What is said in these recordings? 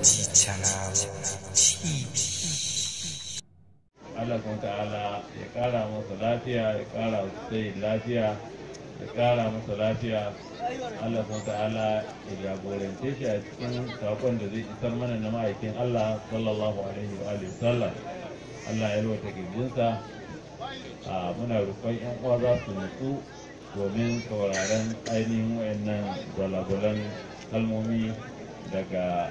Allah kuma ta'ala ya kara masa lafiya ya kara sai lafiya ya kara masa lafiya Allah kuma ta'ala ya jagorance shi a cikin sakon da zai isar mana na ma'aikin Allah sallallahu alaihi wa alihi sallam Allah ya lota a muna rufan yan uwa za su nutsu domin sauraron ainihin wayannan gwalagwalan kalmomi daga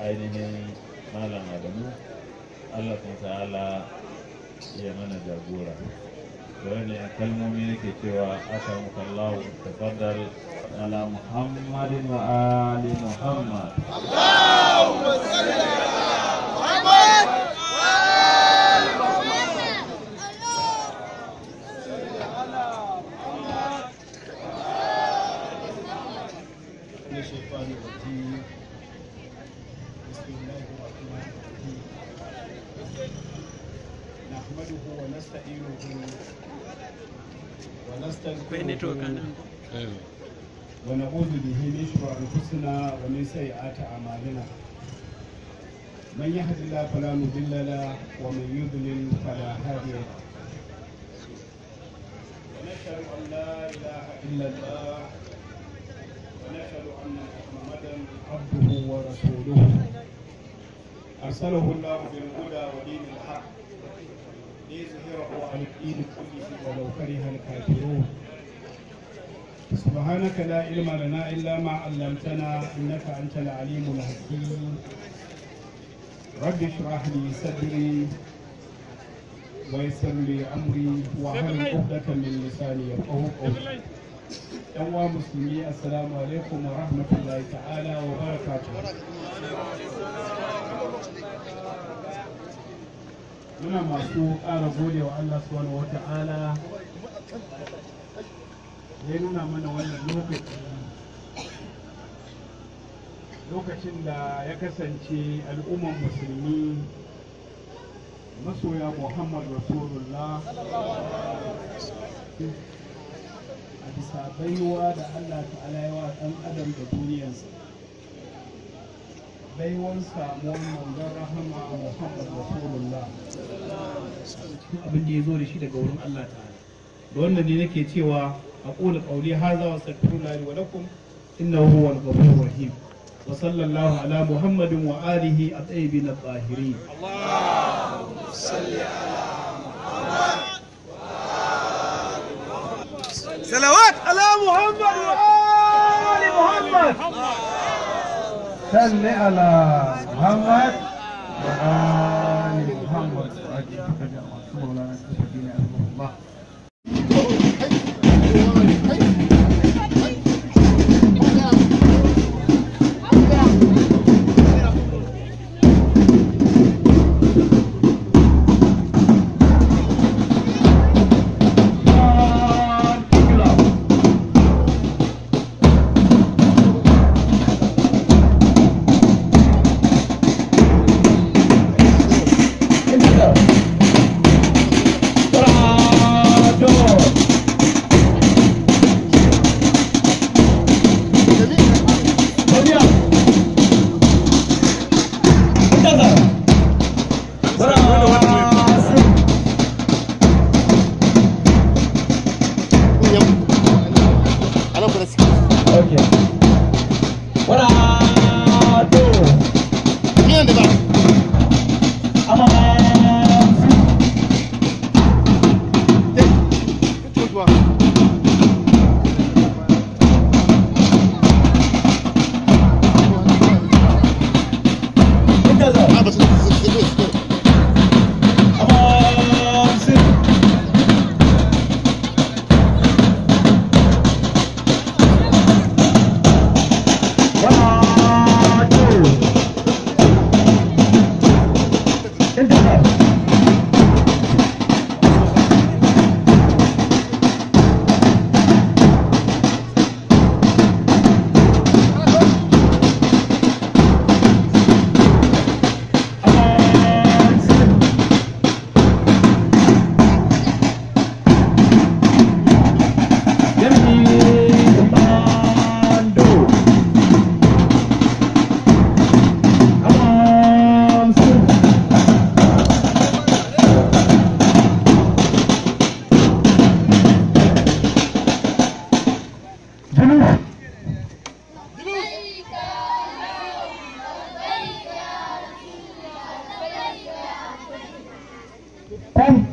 ainihin malam adamu allah ta'ala ya mana jagora da ne kalmomi nake cewa aka muka allahu tafaddal ala muhammadin wa ali muhammad allahumma salli ala muhammad Thank you. لله الرحمن الرحيم نحمده ونستعينه ونستغفره ونعوذ به من شرور انفسنا ومن سيئات اعمالنا من يهد الله فلا مضل له ومن يضلل فلا هادي له ونشهد ان لا اله الا الله ونشهد ان محمدا عبده ورسوله أرسله الله بالهدى ودين الحق ليظهره على الدين كله ولو كره الكافرون سبحانك لا علم لنا إلا ما علمتنا إنك أنت العليم الحكيم رب اشرح لي صدري ويسر لي أمري وأهل عقدة من لساني يفقه قولي yanwa musulmi assalamu alaikum wa rahmatullahi ta'ala wa barakatuhu muna masu ƙara gode wa Allah subhanahu wa ta'ala ya nuna mana wannan lokaci lokacin da ya kasance al'umman musulmi masoya muhammad rasulullah a bisa baiwa da Allah ta'ala ya ɗan adam da duniyarsa baiwan samuwan manzon rahama muhammad rasulullah abin da ya zo da shi daga wurin allah ta'ala da wannan ne nake cewa aqulu qawli hadha wa astaghfirullah li wa lakum innahu huwal ghafurur rahim wa sallallahu ala muhammadin wa alihi at-tayyibin at-tahirin allahumma salli ala muhammad صلوات على محمد وآل محمد صل على محمد وآل محمد وأجمعين يا مولانا الله Let's Okay. importante